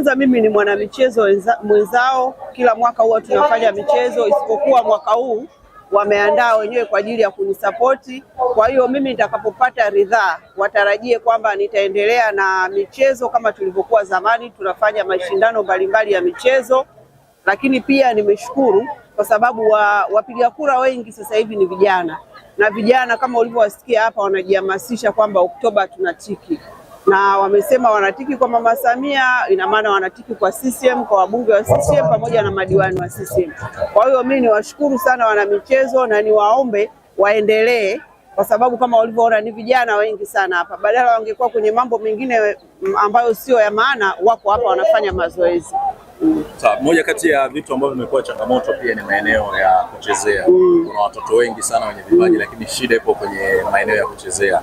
Kwanza mimi ni mwanamichezo mwenzao, kila mwaka huwa tunafanya michezo, isipokuwa mwaka huu wameandaa wenyewe kwa ajili ya kunisapoti. Kwa hiyo mimi nitakapopata ridhaa, watarajie kwamba nitaendelea na michezo kama tulivyokuwa zamani, tunafanya mashindano mbalimbali ya michezo. Lakini pia nimeshukuru kwa sababu wa, wapiga kura wengi sasa hivi ni vijana, na vijana kama ulivyowasikia hapa wanajihamasisha kwamba Oktoba tunatiki na wamesema wanatiki kwa Mama Samia, ina maana wanatiki kwa CCM, kwa wabunge wa CCM pamoja na madiwani wa CCM. Kwa hiyo mimi niwashukuru sana wana michezo na niwaombe waendelee kwa sababu kama walivyoona ni vijana wengi sana hapa, badala wangekuwa kwenye mambo mengine ambayo sio ya maana, wako hapa wanafanya mazoezi. Mm. moja kati ya vitu ambavyo vimekuwa changamoto pia ni maeneo ya kuchezea. Mm. Kuna watoto wengi sana wenye vipaji, mm, lakini shida ipo kwenye maeneo ya kuchezea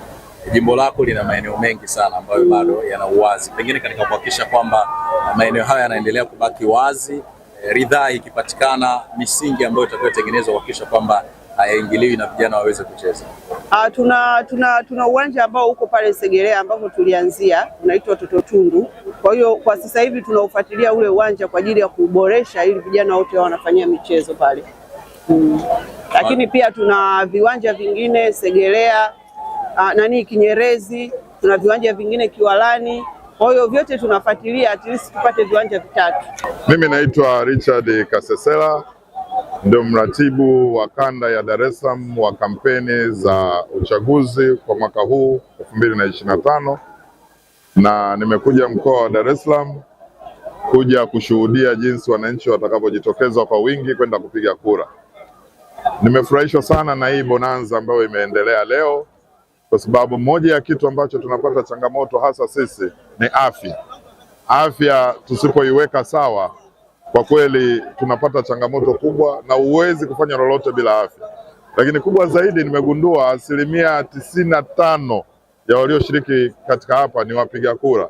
jimbo lako lina maeneo mengi sana ambayo bado yana uwazi, pengine katika kuhakikisha kwamba maeneo haya yanaendelea kubaki wazi, eh, ridhaa ikipatikana, misingi ambayo itakayotengenezwa kuhakikisha kwamba hayaingiliwi na vijana waweze kucheza. Uh, tuna tuna tuna uwanja ambao uko pale Segerea ambapo tulianzia unaitwa Toto Tundu. Kwa hiyo kwa sasa hivi tunaufuatilia ule uwanja kwa ajili ya kuboresha ili vijana wote wanafanyia michezo pale. Hmm. Lakini pia tuna viwanja vingine Segerea uh, nani Kinyerezi, tuna viwanja vingine Kiwalani. Kwa hiyo vyote tunafuatilia at least tupate viwanja vitatu. Mimi naitwa Richard Kasesela ndio mratibu wa kanda ya Dar es Salaam wa kampeni za uchaguzi kwa mwaka huu 2025 na nimekuja mkoa wa Dar es Salaam kuja kushuhudia jinsi wananchi watakavyojitokeza kwa wingi kwenda kupiga kura. Nimefurahishwa sana na hii bonanza ambayo imeendelea leo kwa sababu moja ya kitu ambacho tunapata changamoto hasa sisi ni afya. Afya tusipoiweka sawa, kwa kweli tunapata changamoto kubwa, na huwezi kufanya lolote bila afya. Lakini kubwa zaidi, nimegundua asilimia tisini na tano ya walioshiriki katika hapa ni wapiga kura.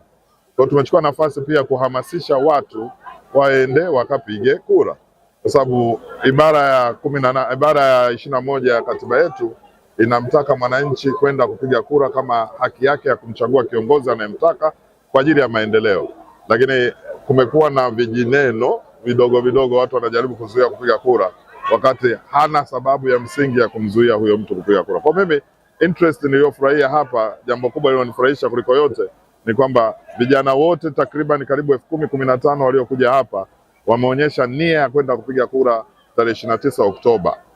Kwa tumechukua nafasi pia kuhamasisha watu waende wakapige kura, kwa sababu ibara ya kumi na ibara ya ishirini na moja ya katiba yetu inamtaka mwananchi kwenda kupiga kura kama haki yake ya kumchagua kiongozi anayemtaka kwa ajili ya maendeleo, lakini kumekuwa na vijineno vidogo vidogo, watu wanajaribu kuzuia kupiga kura wakati hana sababu ya msingi ya kumzuia huyo mtu kupiga kura. Kwa mimi interest niliyofurahia hapa, jambo kubwa lilonifurahisha kuliko yote ni kwamba vijana wote takriban karibu elfu kumi kumi na tano waliokuja hapa wameonyesha nia ya kwenda kupiga kura tarehe ishirini na tisa Oktoba.